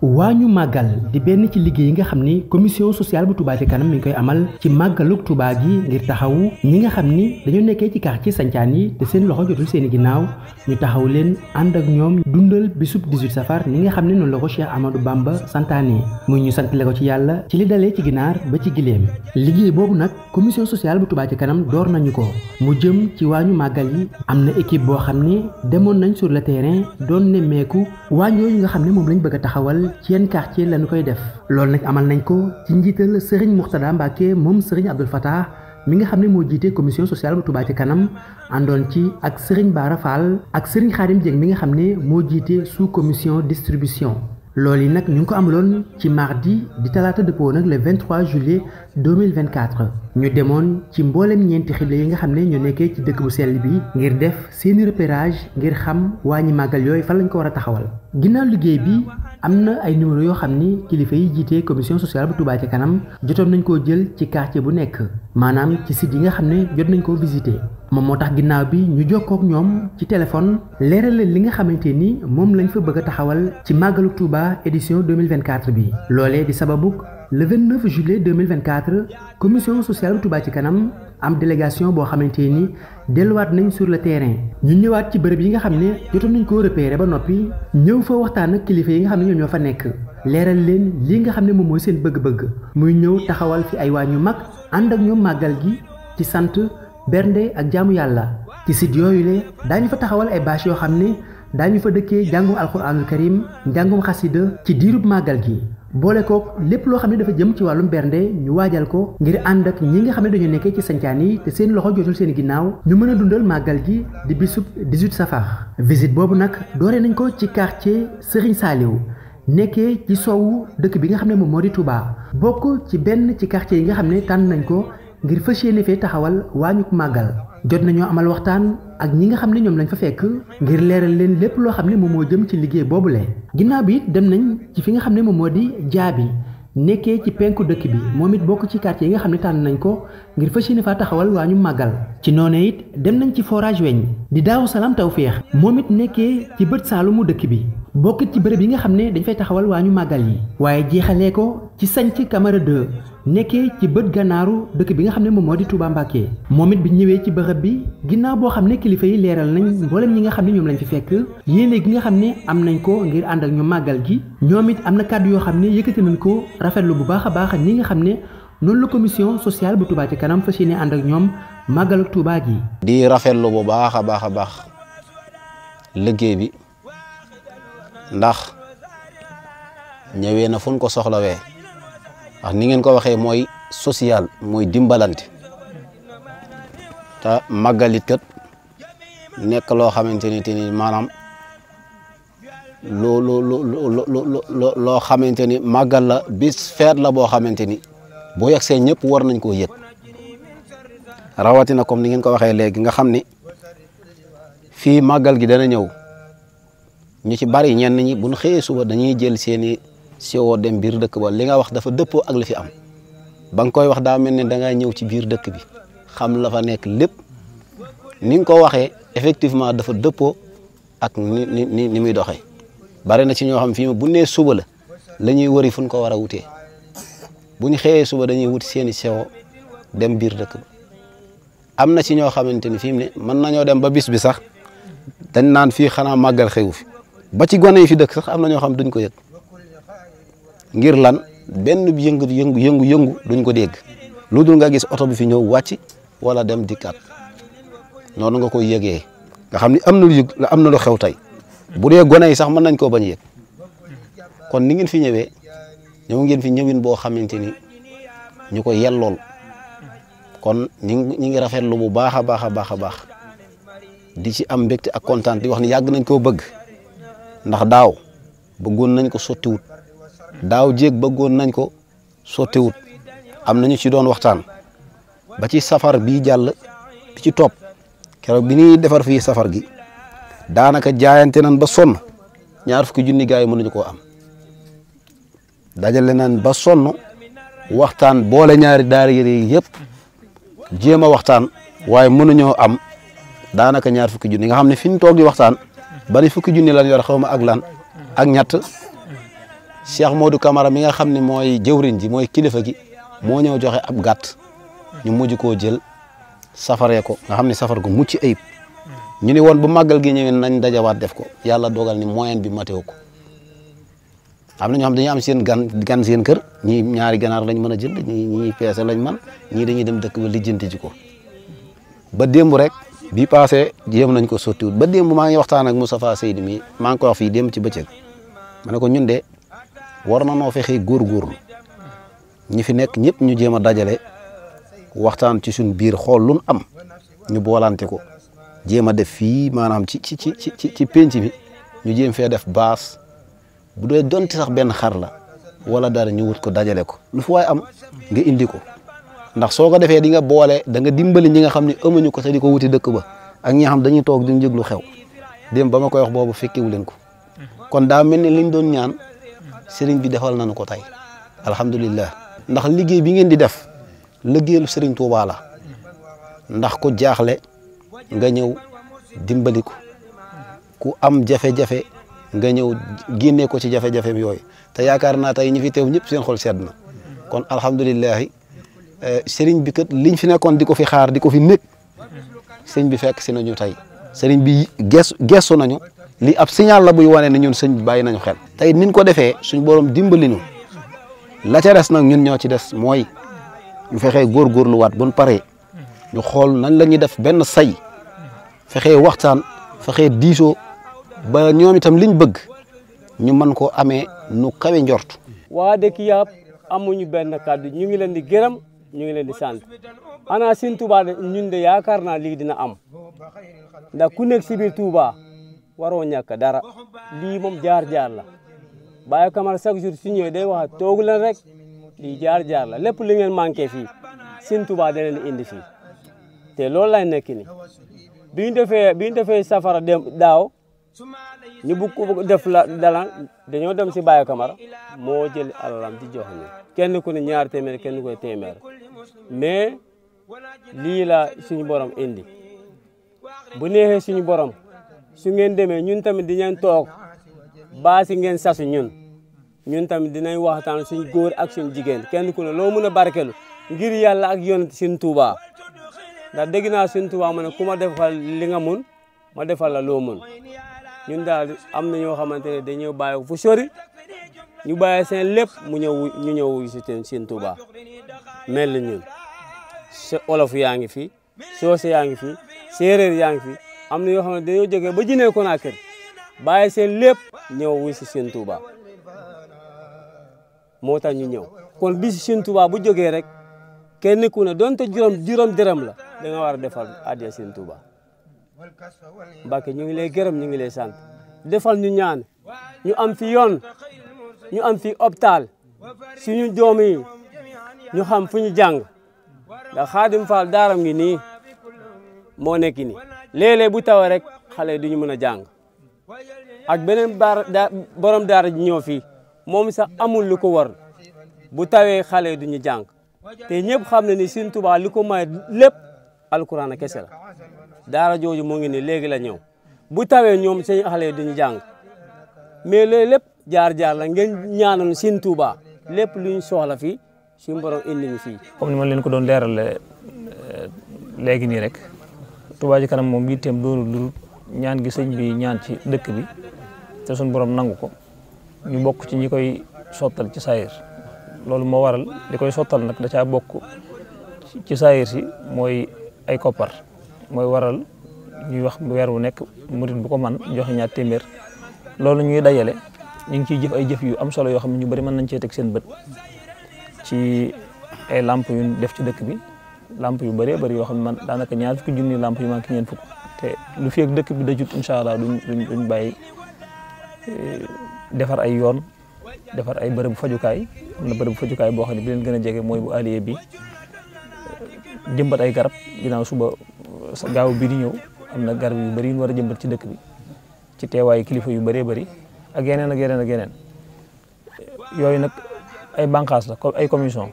waañu màggal di benn ci liggéey yi nga xam ni commission sociale bu Touba ci kanam mi ngi koy amal ci màggalug Touba gi ngir taxawu ñi nga xam ni dañoo nekkee ci ci sancaan yi te seen loxo jotul seen ginnaaw ñu taxaw leen ànd ak ñoom dundal bisub 18 safar ni nga xam ne noonu la ko Cheikh Amadou Bamba santaane muy ñu santale ko ci yàlla ci li dalee ci ginaar ba ci giléem liggéey boobu nag commission sociale bu Touba ci kanam door nañu ko mu jëm ci waañu màggal yi am na équipe boo xam ni demoon nañ sur le terrain doon nemmeeku waañ yooyu nga xam ne moom lañ bëgg a taxawal ci yenn quartier lañu koy def lool nag amal nañ ko ci njiital Serigne Mourtada Mbacke moom Serigne Abdoul Fattah mi nga xam ne moo jiite commission sociale bu Touba ci kanam àndoon ci ak Serigne Bara Fall ak Serigne Khadim Dieng mi nga xam ne moo jiite sous commission distribution lool yi nag ñu ngi ko amaloon ci mardi di talaata dëppoo nag le 23 juillet 2024 ñu demoon ci mboolem ñeenti xible yi nga xam ne ñoo nekkee ci dëkk bu sell bi ngir def seeni repérage ngir xam waa ñi màggal yooyu fan lañ ko war a taxawal am na ay numéro yoo xam ni kilifa yi jiite commission sociale bu Touba ci kanam jotoon nañ ko jël ci quartier bu nekk maanaam ci site yi nga xam ne jot nañ koo visité moom moo tax ginnaaw bi ñu jokkook ñoom ci téléphone leeral leen li nga xamante ni moom lañ fa bëgg a taxawal ci màggalu Touba édition 2024 bi loolee di sababuk le 29 juillet 2024 commission sociale bu Touba ci kanam am délégation boo xamante ni delluwaat nañ sur le terrain ñu ñëwaat ci bërëb yi nga xam ne jotoon nañ koo repéré ba noppi ñëw fa waxtaan ak kilifa yi nga xam ne ñoom ñoo fa nekk leeral leen lii nga xam ne moom mooy seen bëgg-bëgg muy ñëw taxawal fi ay waañ yu mag ànd ak ñoom màggal gi ci sant bernde ak jaamu yàlla ci sit yooyu le daañu fa taxawal ay bâche yoo xam ne daañu fa dëkkee jàngum alxuraanul karim njàngum xasida ci diirub màggal gi boole ko lépp loo xam ne dafa jëm ci wàllum bernde ñu waajal ko ngir ànd ak ñii nga xam ne dañu nekkee ci sancaan yi te seen loxo jotul seen ginnaaw ñu mën a dundal màggal gi di bisub 18 safar visite boobu nag doore nañ ko ci quartier Serigne Saliou nekkee ci soowu dëkk bi nga xam ne moom moo di Touba bokk ci benn ci quartier yi nga xam ne tànn nañ ko ngir fas yéene fee taxawal waa waañuk màggal jot nañoo amal waxtaan ak ñi nga xam ne ñoom lañ fa fekk ngir leeral leen lépp loo xam ne moom moo jëm ci liggéey boobule ginnaaw bi it dem nañ ci fi nga xam ne moom moo di jaabi nekkee ci penku dëkk bi moom it bokk ci quartier yi nga xam ne tànn nañ ko ngir fas yéene faa taxawal waa ñu màggal ci noonee it dem nañ ci forage weñ di daaw salaam tawféex moom it nekkee ci bët saalumu dëkk bi bokkit ci bërëb yi nga xam ne dañ fay taxawal waa ñu màggal yi waaye jeexalee ko ci sañ Camara 2 nekkee ci bët gànnaaru dëkk bi nga xam ne moom moo di Touba Mbacké moom it bi ñëwee ci bërëb bi ginnaaw boo xam ne kilifa yi leeral nañ mboolem ñi nga xam ne ñoom lañ fi fekk yéene gi nga xam ne am nañ ko ngir ànd ak ñu màggal gi ñoom it am na kàddu yoo xam ne yëkkati nañ ko rafetlu bu baax a baax ñi nga xam ne noonu la commission sociale bu Touba ci kanam si yéene ànd ak ñoom màggal ak Touba gi. di rafetlu bu baax a baax a baax liggéey bi ndax ñëwee na fu ko soxlawee. ndax ni ngeen ko waxee mooy social mooy dimbalante te màggalit kat nekk loo xamante ni te ni maanaam loo loo loo loo xamante ni màggal la bis feet la boo xamante ni boo yegg see ñëpp war nañ ko yëg rawatina comme ni ngeen ko waxee léegi nga xam ni fii màggal gi dana ñëw ñu ci bari ñenn ñi buñ xëyee suba dañuy seeni siwoo dem biir dëkk ba li nga wax dafa dëppoo ak la fi am ba nga koy wax daa mel ne da ñëw ci biir dëkk bi xam la fa nekk lépp ni nga ko waxee effectivement dafa dëppoo ak ni ni ni muy doxee bare na ci ñoo xam fii ma bu suba la la ñuy wëri ko war a wutee xëyee suba dañuy wuti seeni siwoo dem biir dëkk am na ci ñoo xamante ni fi mën nañoo dem ba bis bi sax dañ naan fii xanaa màggal xewu fi ba ci gone yi fi dëkk sax am na ñoo xam duñ ko yëg ngir lan benn yëngu yëngu yëngu yëngu duñ ko dégg lu nga gis oto bi fi ñëw wàcc wala dem dikkaat noonu nga koy yëgee nga xam ni am na lu yëg am na lu xew tey bu dee gone yi sax mën nañ koo bañ yëg kon ni ngeen fi ñëwee ñëw ngeen fi ñëwin boo xamante ni ñu ko yellool kon ñi ñi ngi rafetlu bu baax a baax a baax a baax di ci am mbégte ak kontaan di wax ni yàgg nañ koo bëgg ndax daaw bëggoon nañ ko sottiwut daaw ba goon nañ ko sottewut am nañu ci doon waxtaan ba ci safar bii jàll bi ci top keroog bi ñuy defar fii safar gi daanaka jaayante nan ba sonn ñaar fukki junni gars yi mënuñu koo am dajale nan ba sonn waxtaan boole ñaari daara yi yëpp a waxtaan waaye mënuñoo am daanaka ñaar fukki junni nga xam ne fi toog waxtaan bari fukki junni lan yor xaw ma ak lan ak Cheikh Modou Camara mi nga xam ne mooy jëwriñ ji mooy kilifa gi moo ñëw joxe ab gàtt ñu mujj koo jël safaree ko nga xam ne safar ko mucc ayib ñu ni won bu màggal gi ñëwee nañ dajawaat def ko yàlla dogal ni moyen bi matewu ko am na ñoo xam dañuy am seen gan gan seen kër ñii ñaari ganaar lañ mën a jënd ñii ñii lañ man ñii dañuy dem dëkk ba lijjanti ji ko ba démb rek bi pase jéem nañ ko sottiwut ba démb maa ngi waxtaan ak Moustapha Seydi mi maa ngi ko wax fii démb ci bëccëg ma war na noo fexe góorgóorlu ñi fi nekk ñëpp ñu jéem a dajale waxtaan ci suñ biir xool luñ am ñu boolante ko jéem a def fii maanaam ci ci ci ci ci penc bi ñu jéem fee def baas bu dee donti sax benn xar la wala dara ñu wut ko dajale ko lu fu waay am nga indi ko ndax soo ko defee di nga boole danga dimbali ñi nga xam ne amuñu ko te di ko wuti dëkk ba ak ñi xam dañuy toog di jéglu xew dem ba ma koy wax boobu fekkewu leen ko mm-hmm. kon daa mel ni doon ñaan. sëriñ bi defal nañu ko tey alhamdulilah ndax liggéey bi ngeen di def liggéeyalu sëriñ Tuubaa ndax ko jaaxle nga ñëw dimbali ko ku am jafe-jafe nga ñëw génne ko ci jafe-jafeem yooyu te yaakaar naa tey ñi fi teew ñëpp seen xol sedd na kon alhamdulilah eh, sëriñ bi kat liñ fi nekkoon di ko fi xaar di ko fi nekk sëñ bi fekk si nañu tey sëriñ bi gesu gesu nañu li ab signal la buy wane ne ñun sëñ bi bàyyi nañu xel. tey nin ko defee suñu borom dimbali ñu la des nag ñun ñoo ci des mooy ñu fexee góorgóorluwaat buñ pare ñu xool nan la def benn say fexee waxtaan fexee diisoo ba ñoom itam liñ bëgg ñu mën koo amee nu kawe njor waa dëkk yàpp amuñu benn kàddu ñu ngi leen di gërëm ñu ngi leen di sant ana sin Touba de ñun de yaakaar naa lii dina am ndax ku nekk tuuba biir Touba waroo ñàkk dara lii moom jaar-jaar la. Baye Camara chaque jour su day wax toogu leen rek lii jaar-jaar la lépp li ngeen manqué fii Sëñ Tuubaa da leen indi fii te loolu lay nekk ni bi defee bi ñu safara dem daaw ñu bugg ko def la dala dañoo dem si Baye Camara moo jël alalam di jox ñu kenn ku ne ñaar téeméer kenn koy téeméer mais lii suñu borom indi bu neexee suñu borom su ngeen demee ñun tamit di ngeen toog baasi ngeen sasu ñun ñun tamit dinañ waxtaan suñ góor ak suñ jigéen kenn ku ne loo mën a barkelu ngir yàlla ak yonent suñ Tuubaa ndax dégg naa suñ Tuubaa mu ne ku ma defal li nga mun ma defal la loo mun ñun daal am na ñoo xamante ne dañoo bàyyi fu sori ñu bàyyi seen lépp mu ñëw ñu ñëw si suñ Tuubaa mel ni ñun olof yaa ngi fi soose yaa ngi fi séeréer yaa ngi fi am na yoo xam ne dañoo jógee ba Guinée Conakry bàyyi seen lépp ñëw wuy si seen moo tax ñu ñëw kon bi si bu jógee rek kenn ku ne donte juróom juróom dërëm la da nga war a defal addiya seen Touba Mbàkke ñu ngi lay gërëm ñu ngi lay sant defal ñu ñaan ñu am fi yoon ñu am fi hôpital suñu doom yi ñu xam fu ñu jàng ndax Xaadim Faal daaram ngi nii moo nekk nii léeg bu tawee rek xale du ñu mën a jàng. ak beneen baar borom daara ji ñëw fii moom sax amul lu ko war bu tawee xale du ñu jàng te ñëpp xam ne ni Sëriñ Tuubaa li ko may lépp alquran kese la daara jooju mu ngi nii léegi la ñëw bu tawee ñoom seen xale du ñu jàng mais loolu lépp jaar-jaar la ngeen ñaanoon Sëriñ Tuubaa lépp lu ñu soxla fii suñu borom indi ñu fii. comme ni ma leen ko doon leeral euh, léegi nii rek Touba Ca Kanam moom yitteem doonul lu ñaan gi sëñ bi ñaan ci dëkk bi te suñ borom nangu ko ñu bokk ci ñu koy sottal ci saayir loolu moo waral di koy sottal nag da caa bokk ci saayir si mooy ay koppar mooy waral ñuy wax weer wu nekk murit bu ko man joxe ñaar téeméer loolu ñuy dajale ñu ngi ciy jëf ay jëf yu am solo yoo xam ne ñu bari mën nañ cee teg seen bët ci ay lamp yu def ci dëkk bi lamp yu bëree bëri yoo xam ne man daanaka ñaar fukki junni lamp yu manqué ñeent fukk te lu fi dëkk bi dajut incha allah duñ duñ duñ bàyyi eh, defar ay yoon defar ay bërëbu fajukaay am na bërëbu fajukaay boo xam ne bi leen gën a jege mooy bu allié bi eh, jëmbat ay garab ginnaaw suba gaaw bi di ñëw am na garab yu bëri yu war a jëmbat ci dëkk bi ci teewaayu kilifa yu bëree bari ak yeneen ak yeneen ak eh, yooyu nag ay bànqaas la ay commission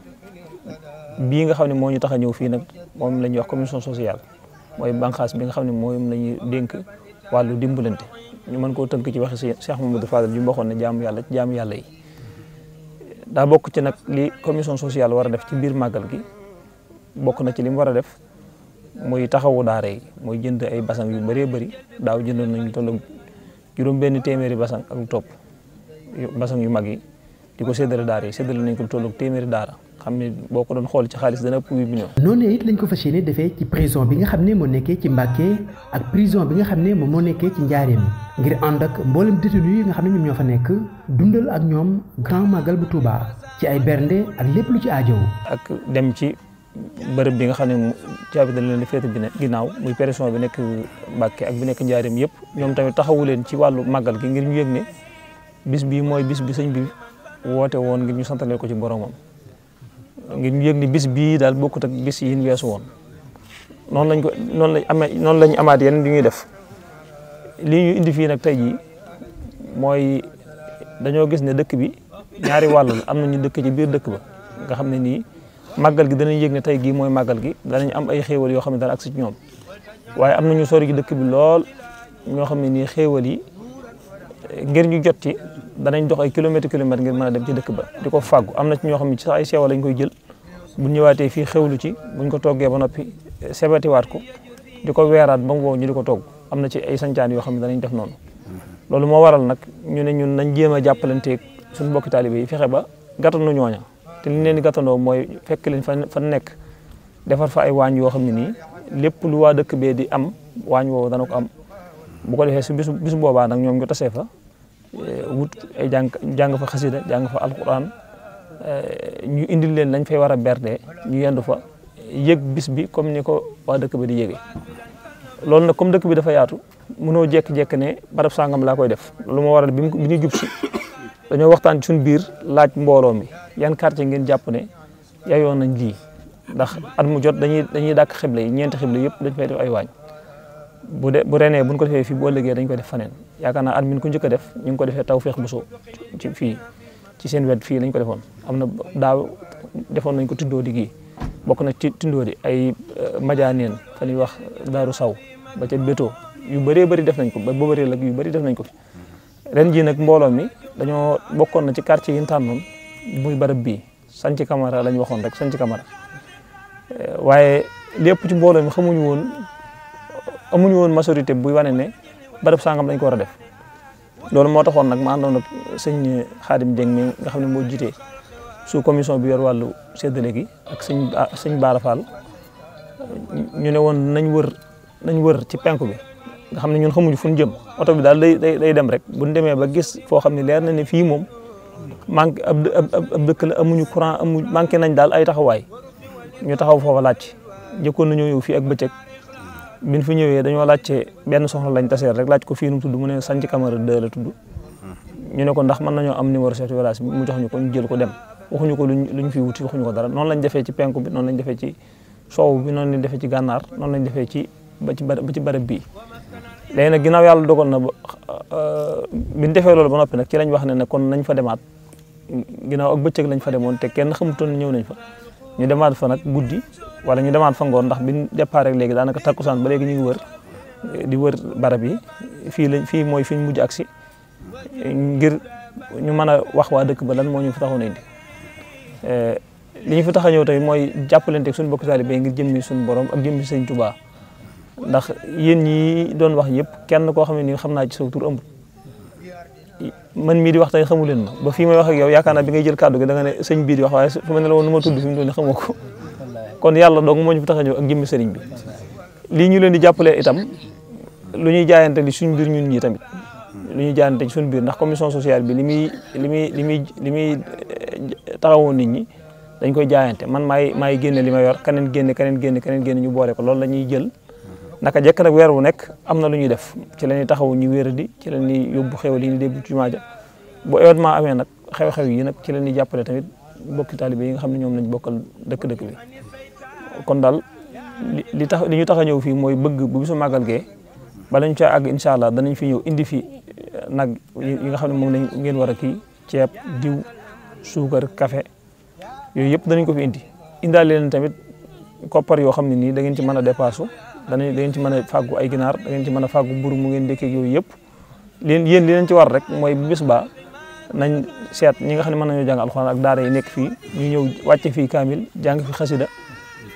bii nga xam ne moo ñu tax a ñëw fii nag moom la ñuy wax commission sociale. mooy bànqaas bi nga xam ne moom la ñuy dénk wàllu dimbalante ñu mën koo tënk ci waxi si Cheikh Mamadou Fadal bi mu waxoon ne jaamu yàlla jaamu yàlla bokk ci nag li commission sociale war a def ci biir màggal gi bokk na ci li war a def muy taxawu daara yi jënd ay basang yu bëree bëri daaw jëndoon nañu tolloog juróom benn téeméeri basang ak lu topp basan yu mag yi di ko séddale daara yi séddale nañ ko lu téeméeri daara xam ne boo ko doon xool ci xaalis dana ëpp huit millions. noonu it lañ ko fas yéene defee nga xam ne moo nekkee ci Mbàkke ak prison bi nga xam ne moom moo nekkee ci Njaareem ngir ànd ak mboolem détenu yi nga xam ne ñoom ñoo fa nekk dundal ak ñoom grand magal bu Touba ci ay bernde ak lépp lu ci aajow. ak dem ci bërëb bi nga xam ne caabi dañ leen di féete ginnaaw muy prison bi nekk Mbàkke ak nekk Njaareem yëpp ñoom tamit taxawu leen ci wàllu magal gi ngir ñu yëg ne bii mooy bis bi sëñ bi woote woon ngir ñu santalee ko ci boromam. ngir ñu yëg ni bis bii daal bokkut ak bis yi ñu weesu woon noon lañ ko noonu lañ amee noonu lañ amaat yeneen yu ñuy def lii ñu indi fii nag tey jii mooy dañoo gis ne dëkk bi ñaari wàll la am nañu dëkk ci biir dëkk ba nga xam ne ni màggal gi danañ yëg ni tey gii mooy màggal gi danañ am ay xéewal yoo xam ne dana ak ci ñoom waaye am nañu sori ci dëkk bi lool ñoo xam ne nii xéewal yi ngir ñu jot danañ dox ay kilomètre kilomètre ngir mën dem ci dëkk ba di ko fàggu am na ci ñoo xam ne ci sax ay seewa lañ koy jël bu ñëwaatee fii xewlu ci buñ ko toggee ba noppi eh, waat ko di ko weeraat ba mu ñu di ko togg am na ci ay sancaan yoo xam ne danañ def noonu loolu moo waral nag ñu ne ñun nañ jéem a jàppalanteeg suñu mbokki taalibe yi fexe ba gàttanu ñooña te li leen di gàttandoo mooy fekk leen fa fa nekk defar fa ay waañ yoo xam ne nii lépp lu waa dëkk bee di am waañ woow dana ko am bu ko defee si bisu bisu boobaa nag ñoom ñu tasee fa Eh, wut ay eh, jàng jàng fa xasida jàng fa alquran eh, ñu indi leen dañ fay war a berde ñu yendu fa yëg bis bi comme ni ko waa dëkk bi di yëgee loolu nag comme dëkk bi dafa yaatu mënoo jekk-jekk ne barab sangam laa koy def lu ma waral bi bi ñu si dañoo waxtaan ci biir laaj mbooloo mi yan quartier ngeen jàpp ne yayoon nañ lii ndax at mu jot dañuy dañuy dàkk xible yi ñeenti xible yëpp dañ fay def ay waañ bu de bu renee buñ ko defee fii bu ëllëgee dañ koy def faneen yaakaar naa at min ku njëkk def ñu ngi ko defee Tawfekh Bousso ci fii ci seen wet fii lañ ko defoon am na daaw defoon nañ ko tuddoo di gi bokk na ci tuddoo di ay eh, majaaneen fa ñuy wax daaru saw ba ca bétoo yu bëree bari def nañ ko ba bëri lag yu bëri def nañ ko fi ren jii nag mbooloo mi dañoo bokkoon na ci quartier yi ñu tànnoon muy barab bii sanc Camara lañ waxoon rek sanc Camara eh, waaye lépp ci mbooloo mi xamuñu woon amuñu woon majorité buy wane ne barab sangam lañ ko war a def loolu moo taxoon nag ma àndoon ak sëñ Xaadim Dieng mi nga xam ne moo jiite sous commission bi yor wàllu séddale gi ak sëñ sëñ Baara Fall ñu ne woon nañ wër nañ wër ci penku bi nga xam ne ñun xamuñu fu ñu jëm oto bi daal day day dem rek bu ñu demee ba gis foo xam ne leer na ne fii moom manqué ab ab amuñu courant amuñu manqué nañ daal ay taxawaay ñu taxaw foofa laaj njëkkoon nañoo yow fii ak bëccëg. biñ fu ñëwee dañoo laajte benn soxna lañ taseer rek laaj ko fii nu tudd mu ne Santhi Camara 2 la tudd ñu ne ko ndax mën nañoo am numéro chef de village mu ñu ko ñu jël ko dem waxuñu ko luñ luñ fi wuti waxuñu ko dara noonu lañ defee ci penku bi noonu lañ defee ci soow bi noonu lañ defee ci gànnaar noonu lañ defee ci ba ci ba ci barab bii léegi nag ginnaaw yàlla dogal na ba euh, biñ defee loolu ba noppi nag ci lañ wax ne ne kon nañ fa demaat ginnaaw ak bëccëg lañ fa demoon te kenn xamutoon ñëw nañ fa ñu demaat fa nag guddi wala ñu demaat fa ngoon ndax biñ départ rek léegi daanaka takkusaan ba léegi ñu ngi wër di wër barab yi fii lañ fii mooy fi ñu mujj agsi ngir ñu mën a wax waa dëkk ba lan moo ñu fi taxoon indi eh, li ñu fi tax a ñëw tamit mooy jàppalante ak suñu bokk taalibe ngir jëmmi suñu borom ak jëmmi sëñ Tuubaa ndax yéen ñi doon wax yëpp kenn koo xam ne ni xam naa ci sa tur ëmb man mii di wax tey xamu leen ma ba fii may wax ak yow yaakaar naa bi ngay jël kàddu gi da nga ne sëñ bii di wax waaye fu ma ne nu ma tudd fi mu doon xamoo ko kon yàlla dong moo ñu fi tax a ñëw ak jëmmi bi lii ñu leen di jàppalee itam lu ñuy jaayante li suñ biir ñun ñi tamit lu ñuy jaayante ci suñ biir ndax commission sociale bi li muy li muy li muy li muy eh, taxawoo nit ñi dañ koy jaayante man maay maay génne li ma yor keneen génne keneen génne keneen génne ñu boole ko loolu la ñuy jël naka jekk nag weer wu nekk am na lu ñuy def ci la taxaw ñu wéer di ci la ñuy yóbbu xewal yi ñu déglu ci jumaa ja bu événement amee nag xew-xew yi nag ci la ñuy tamit bokki taalibe yi nga xam ne ñoom lañ bokkal dëkk-dëkk bi kon daal li tax li ñu tax a ñëw fii mooy bëgg bu bisu màggal gee bala ñu caa àgg incha allah danañ fi ñëw indi fi eh, nag yi nga xam ne moom lañ ngeen war a kii ceeb diw suukar kafe yooyu yëpp danañ ko fi indi indaale leen tamit koppar yoo xam ne nii da ngeen ci mën a dépassu dañuy da ngeen ci mën a fàggu ay ginaar da ngeen ci mën a fàggu mburu mu ngeen dëkkee yooyu yëpp leen yéen li leen ci war rek mooy bu bis ba nañ seet ñi nga xam ne mën nañoo jàng alxuraan ak daara yi nekk fii ñu ñëw wàcce fii kaamil jàng fi xasida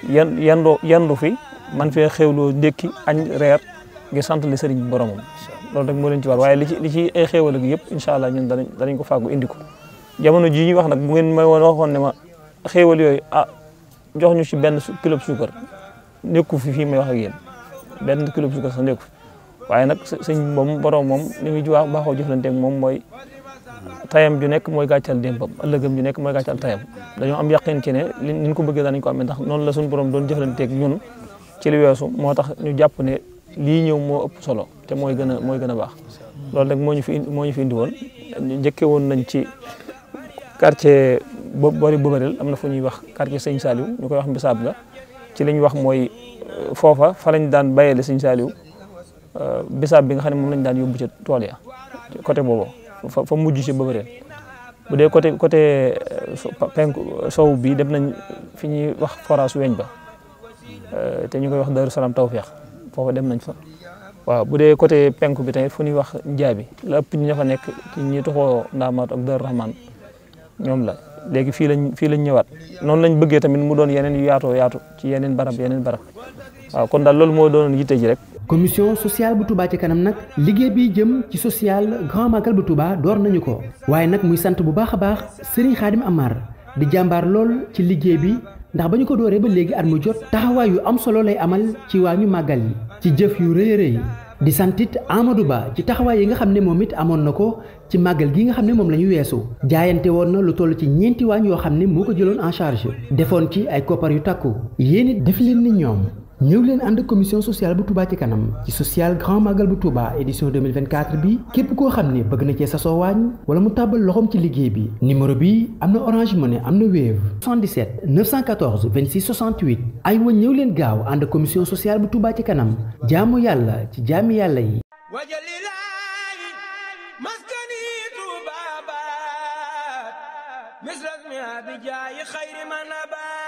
yan yandoo yandu fi man fee xewloo ndékki añ reer ngir sant li sëriñ bi boromam loolu rek moo leen ci war waaye li ci li ci ay xéewal ak yëpp incha allah ñun danañ danañ ko fàggu indi ko jamono jii ñuy wax nag mu ngeen may woon waxoon ne ma xéewal yooyu a ah, jox ñu ci benn kilo suukar nekku fi fii may wax ak yéen benn kilo suukar sax nekku fi waaye nag sëñ moom borom moom li muy juwaa baaxoo jëflanteeg moom mooy tayam ju nekk mooy gàccal démbam ëllëgam ju nekk mooy gàccal tayam dañoo am yàqin ci ne niñ ko bëggee daanañ ko amee ndax noonu la suñu borom doon jëflanteeg ñun ci li weesu moo tax ñu jàpp ne lii ñëw moo ëpp solo te mooy gën a mooy gën a baax loolu nag moo ñu fi moo ñu fi indi woon njëkke woon nañ ci quartier bo boori Bobareel am na fu ñuy wax quartier Sëñ Saliou ñu koy wax Mbisaab la ci li ñu wax mooy euh, foofa fa lañ daan bayee bayeele sëñ Saaliw bisaab bi nga xam ne moom lañ daan yóbbu ca tool ya côté boobu fa fa mujj si ba bëri bu dee côté côté euh, penku sow bi dem nañ fi ñuy wax forage weñ ba euh, te ñu koy wax Daaru Salaam Tawfeex foofa dem nañ fa waaw bu dee côté penku bi tamit fu ñuy wax njaabi la ëpp ñi ña fa nekk ci ñi tuxoo ndaamaat ak Daaru Rahman ñoom la léegi fii lañ fii lañ ñëwaat noonu lañ bëggee tamit mu doon yeneen yu yaatoo yaatu ci yeneen barab yeneen barab waaw kon daal loolu moo doonoon yitte ji rek. commission sociale bu tubaa ci kanam nag liggéey bi jëm ci social grand magal bu Touba door nañu ko waaye nag muy sant bu baax a baax Serigne Khadim Amar di jàmbaar lool ci liggéey bi ndax bañu ko dooree ba léegi at mu jot taxawaay yu am solo lay amal ci waa ñu màggal yi ci jëf yu rëy rëy di santit Amadou Ba ci taxawaay yi nga xam ne moom it amoon na ko ci màggal gi nga xam ne moom la ñu weesu jaayante woon na lu toll ci ñeenti waañ yoo xam ne moo ko jëloon en charge defoon ci ay koppar yu takku yéen it def leen ni ñoom ñëw ànd commission sociale bu Touba ci kanam ci social grand magal bu Touba édition 2024 bi képp koo xam ne bëgg na cee sasoo waañ wala mu tàbbal loxoom ci liggéey bi numéro bi am na Orange Money am na Wave 77 914 26 68 ay wa ñëw leen gaaw ànd commission sociale bu Touba ci kanam jaamu yàlla ci jaami yàlla yi bi jaayi xayri man abaa